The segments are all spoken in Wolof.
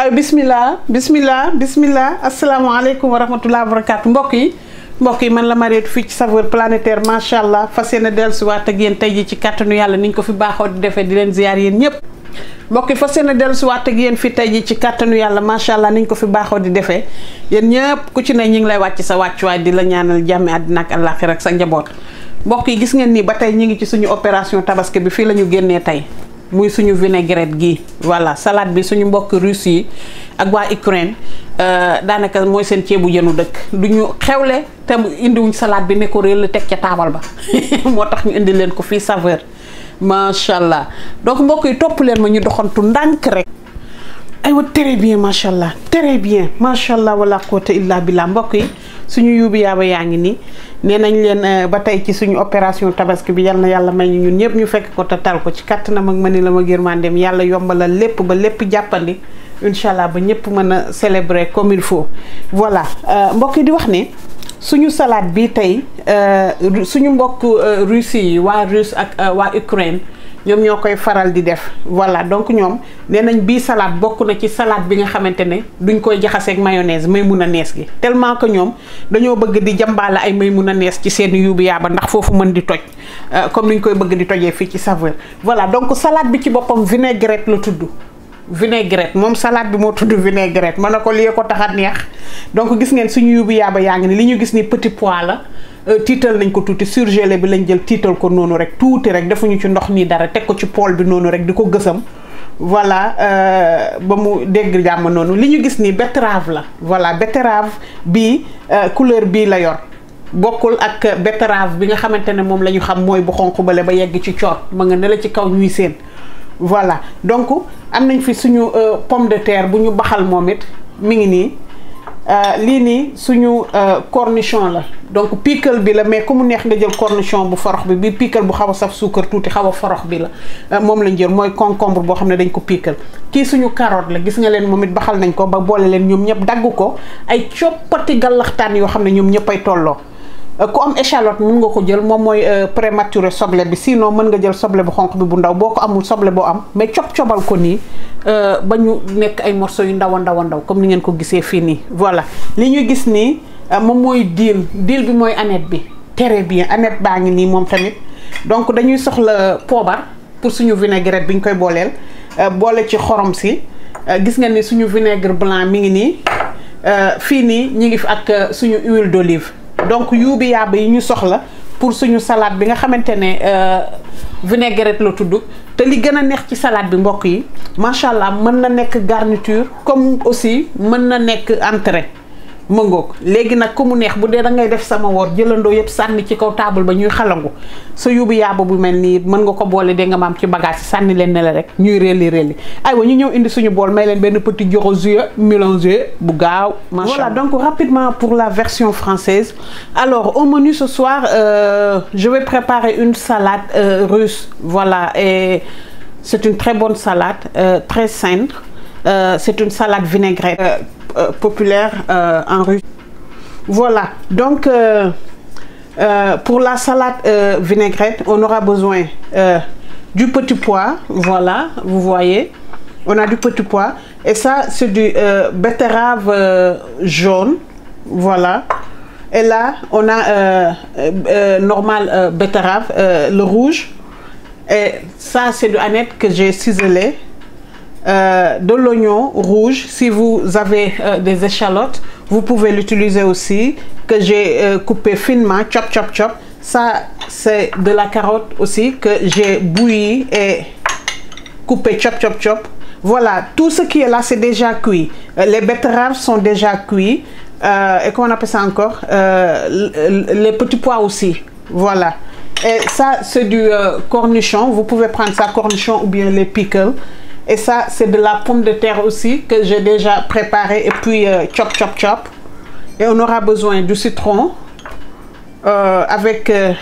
ay bismillah bismillah bismillah alaykum wa rahmatullahi wa barakatuh mbok yi mbok yi man la mariet fi ci saveur planétaire macha allah fas yéene ak yeen tey ji ci kàttanu yalla ni ko fi baaxoo di defee di leen ziar yeen ñep mbok yi fas delsu wat ak yeen fi tey ji ci kàttanu yàlla macha allah ni ñu ko fi baxo di defé yeen ñep ku ci ne ñi lay wacc sa way di la ñaanal jami adina ak alakhir ak sa njabot mbok yi gis ngeen ni batay ñi ngi ci suñu opération tabaski bi fi lañu ñu tay muy suñu vinaigrette gi voilà salaat bi suñu mbokk russe yi ak waa Ukraine euh, daanaka mooy seen ceebu jënu dëkk du ñu xewle te indiwuñ salaat bi ne ko la teg ca taabal ba moo tax ñu indi leen ko fii saveur macha allah donc mbokk yi topp leen ma ñu doxantu ndànk rek. aywa tere bien macha allah tere bien macha allah wala quwwata illa billah mbokk yi suñu yuubi yaaba yaa ngi nii. nee nañ leen euh, ba tey ci suñu opération tabaski bi yal na yàlla may ñi ñun ñëpp ñu fekk ko te tal ko ci mag ak ni la ma yërmandeem yàlla yombalal lépp ba lépp jàppandi incha allah ba ñëpp mën a célébrer comme il faut voilà euh, mbokk yi di wax ne suñu salaat bi tey euh, suñu mbokk Russie yi waa Russe ak waa Ukraine. ñoom ñoo koy faral di def voilà donc ñoom nee nañ bii salaat bokk na ci salaat bi nga xamante ne duñ koy jaxaseeg mayonnaise Maymuna nees gi tellement que ñoom dañoo bëgg di jambaale ay may a nees ci seen yuubu yaaba ndax foofu mën di toj euh, comme ni ñu koy bëgg di tojee fii ci saveur voilà donc salaat bi ci boppam vinaigrette la tudd vinaigrette moom salaat bi moo tudd vinaigrette ma ne ko lii ko tax a neex donc gis ngeen suñu yuubu yaaba yaa ngi ni li ñu gis ni petit pois la Euh, tiital nañ ko tuuti surgelé bi lañ jël tiital ko noonu rek tuuti rek defuñu ci ndox nii dara teg ko ci pool bi noonu rek di ko gësam voilà euh, ba mu dégg jàmm noonu li ñu gis nii betterave la voilà betterave bi euh, couleur bii la yor bokkul ak betterave bi nga xamante ne moom la ñu xam mooy bu xonq bale ba yegg ci coot ma nga nela ci kaw ñuy séen voilà donc am nañ fi suñu pomme de terre bu ñu baxal moom it mi ngi nii Euh, lii nii suñu euh, cornichon la donc pickle bi la mais ku mu neex nga jël cornichon bu forox bi bi pickle bu xaw a saf suukar tuuti xaw a forox bi la euh, moom lañ jël mooy concombre boo xam ne dañ ko pickle kii suñu carotte la gis nga leen moom it baxal nañ ko ba boole leen ñoom ñëpp dagg ko ay coppati gallaxtaan yoo xam ne ñoom ñëpp ay tolloo Euh, ku am échalote mun nga ko jël moom mooy euh, prématuré soble bi sinon mën nga jël soble bu xonq bi bu ndaw boo ko amul soble boo am mais cob cobal ko nii euh, ba ñu nekk ay morceaux yu ndaw a ndaw a ndaw comme li ngeen ko gisee fii nii voilà li ñu gis nii moom mooy diil diil bi mooy aneth bi tere bien aneth baa ngi nii moom tamit donc dañuy soxla poobar pour suñu vinaigrette bi ñu koy booleel boole ci xorom si gis nga ni suñu vinaigre blanc mi ngi nii fii nii ñu ngi fi ak suñu huile d'olive donc yuubi yàbb yi ñu soxla pour suñu salaat bi nga xamante ne euh, vinaigrette la tudd te li gën a neex ci salaat bi mbokk yi macha allah mën na nekk garniture comme aussi mën na nekk entrée. mangok ngoog nak nag mu neex bu dee da ngay def sama wor jëlandoo yépp sanni ci kaw taabal ba ñuy xalangu sa yóbbu yaaba bu melni nii mën nga ko bolé dé nga maam ci bagage sanni sànni leen la rek ñuy réli réli ay wa ñu ñëw indi suñu bol may leen benn petit joxo jus mélangé bu gaaw. voilà donc rapidement pour la version française alors au menu ce soir euh, je vais préparer une salade euh, russe voilà et c'est une très bonne salade euh, très saine. Euh, c'est une salade vinaigrette euh, euh, populaire en Russie. Voilà, donc pour la salade vinaigrette, on aura besoin du petit pois, voilà, vous voyez, on a du petit pois, et ça c'est du betterave jaune, voilà. Et là, on a normal betterave, le rouge. Et ça, c'est de aneth que j'ai ciselé. Euh, de l'oignon rouge. Si vous avez euh, des échalotes, vous pouvez l'utiliser aussi, que j'ai euh, coupé finement, chop chop chop. Ça, c'est de la carotte aussi que j'ai bouilli et coupé chop chop chop. Voilà, tout ce qui est là, c'est déjà cuit. les betteraves sont déjà cuites et comment on appelle ça encore Les petits pois aussi. Voilà. Et ça, c'est du cornichon. Vous pouvez prendre ça cornichon ou bien les pickles. Et ça, c'est de la pomme de terre aussi que j'ai déjà préparé Et puis, euh, chop, chop, chop. Et on aura besoin du citron euh, avec euh,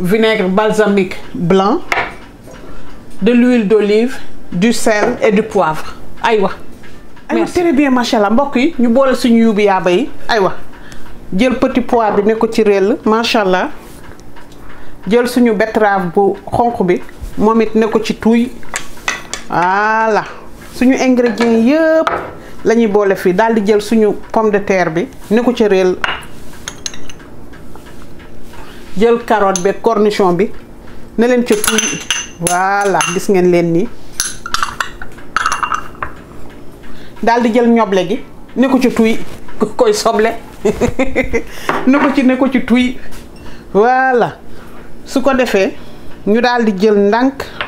vinaigre balsamique blanc, de l'huile d'olive, du sel et du poivre. Aïwa. Aïwa, très bien, machallah. Mboki, nous boire ce nyubi yabayi. Aïwa. le petit poivre bi ne ko ci rel, le petit suñu betterave bu xonk bi, momit ne le ci tuy. voilà suñu ingrédients yëpp la ñuy boole fii daal di jël suñu pomme de terre bi ni ci réel jël carotte beeg cornichon bi ne leen ca tuuti voilà gis ngeen leen nii daldi jël ñoble gi ne ko ci tuy koy soble ne ko ci ne ko ci tuy voilà su ko defee ñu daal jël ndànk.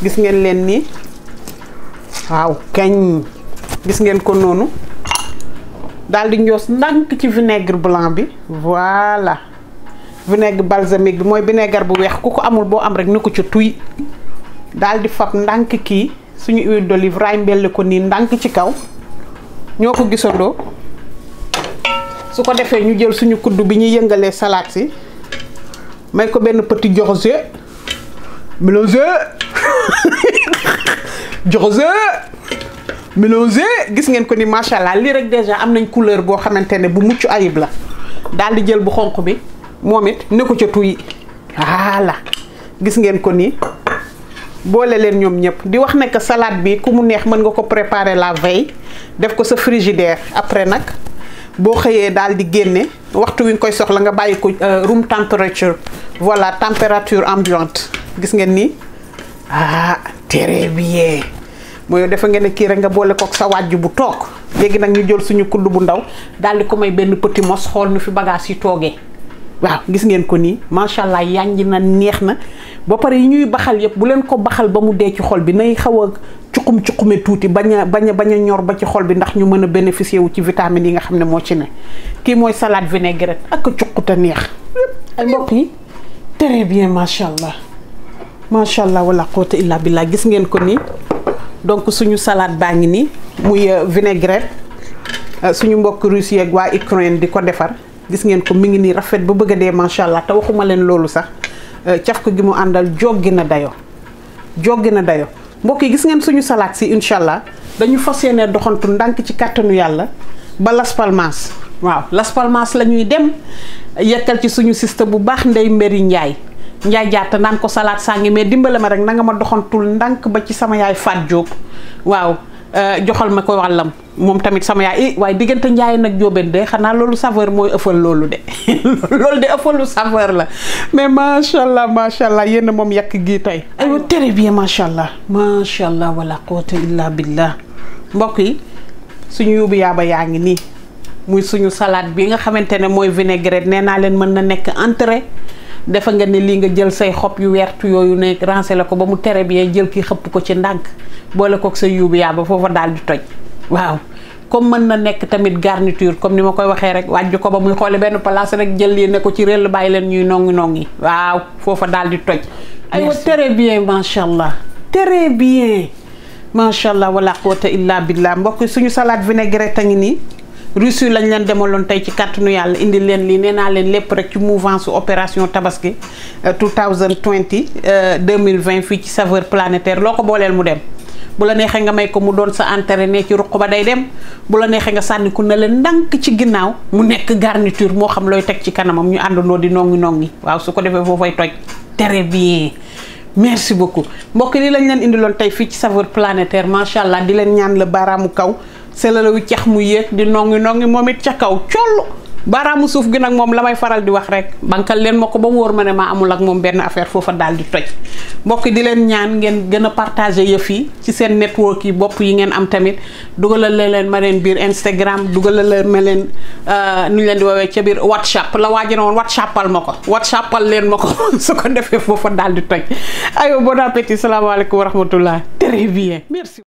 gis ngeen len ni waw kononu, gis ngeen ko nonu dal di njoos nank ci vinaigre blanc bi voilà vinaigre balsamique bi moy vinaigre bu wex kuko amul bo am rek ni ci tuy dal di fab nank ki suñu huile d'olive raay mbelle ko ni nank ci kaw ñoko ko suko defé ñu jël suñu kuddu bi ñi yëngalé salade ci may ko ben petit mélanger José, mélangé gis ngeen ko ni rek déjà am couleur bo je bu muccu ayib la di jël ne ko voilà gis ngeen ko di salade bi préparer la veille def ko sa frigidaire après nak bo xeyé di génné waxtu wi koy soxla nga euh, room temperature voilà température ambiante ah très bien mooy defe nga ne kii rek nga boole kook sa wàjj bu toog léegi nag ñu jël suñu kudd bu ndaw daal di ko may benn petit mos xool nu fi bagage yi toogee waaw gis ngeen ko nii macha allah yànj na neex na ba pare yi ñuy baxal yëpp bu leen ko baxal ba mu dee ci xol bi nay xaw a cuqum cuqume tuuti bañ a bañ a bañ a ñor ba ci xol bi ndax ñu mën a bénéficier wu ci vitamines yi nga xam ne moo ci ne kii mooy salade vinaigrette ak a cuquta neex ay mbokk yi très bien macha allah. Masyaallah, wala quwwata illa billah gis ngeen ko ni donc suñu salade bañ ni muy euh, vinaigrette euh, suñu mbok russe ak wa ukraine diko defar gis ngeen ko mi ngi ni rafet ba bëgg a dee taw xuma len lolu sax tiaf euh, ko gi mu andal joggi dayo joggi dayo mbok yi gis ngeen suñu salade si inshallah dañu fassiyene doxantu ndank ci yalla ba las palmas waaw las palmas la dem yekkal ci suñu sista bu baax ndey mbéri ñay njaay jaata naan ko salaat sàngi mais dimbale ma rek nanga nga ma doxantul ndànk ba ci sama yaay Faat Jóob waaw euh, joxal ma ko wàllam moom tamit sama yaay eh, waaye diggante njaay nag jóobeen de xanaa loolu saveur mooy ëffal loolu de loolu de ëffalu saveur la mais macha allah macha allah yéen moom yàq gi tey. aywa très bien macha allah macha allah wala quwwata illa billah mbokk yi suñu yóbbu yaaba yaa ngi nii muy suñu salaat bi nga xamante ne mooy vinaigrette nee naa leen mën na nekk entrée. defa nga ne lii nga jël say xob yu wertu yooyu ne rancé la ko ba mu tere bien jël ki xëpp ko ci ndànk boole kook sa yuubiyaa ba foofa daal di toj waaw comme mën na nekk tamit garniture comme ni ma koy waxee rek wàjj ko ba muy xoole benn place rek jël lii ne ko ci réel bàyyi leen ñuy nongi nongi waaw foofa daal di toj aywa très bien macha allah très bien macha allah wala quwata illa billah mbokk suñu salade vinaigrette a ngi nii Russie lañ leen demaloon tey ci kàttanu yàlla indi leen lii nee leen lépp rek ci mouvance su opération tabaski 2020 euh, 2020 euh, fii ci saveur planétaire loo ko booleel mu dem. bu la neexee nga may ko mu doon sa entraîné ci ruq ba day dem bu la neexee nga sànni ku ne leen ndànk ci ginnaaw mu nekk garniture moo xam looy teg ci kanamam ñu àndandoo di nongi nongi waaw su ko defee foofay toj tere bien. merci beaucoup mbokk li lañ leen indiloon tey fii ci saveur planétaire macha allah di leen ñaan la baaraamu kaw sëlëla wu cax mu yéeg di nongi nongi moom it ca kaw coll baraamu suuf gi nag moom la may faral di wax rek bankal leen ma ko ba wóor ma ne maa amul ak moom benn affaire foofa daal di toj mbokk di leen ñaan ngeen gën a partager yëf yi ci seen network yi bopp yi ngeen am tamit dugalal leen ma leen biir Instagram dugalal ma leen euh, nu leen di woowee ca biir WhatsApp la waaj na woon WhatsAppal ma ko WhatsAppal leen ma ko su ko defee foofa daal di toj aywa bon appétit salaamaaleykum wa rahmatullah très bien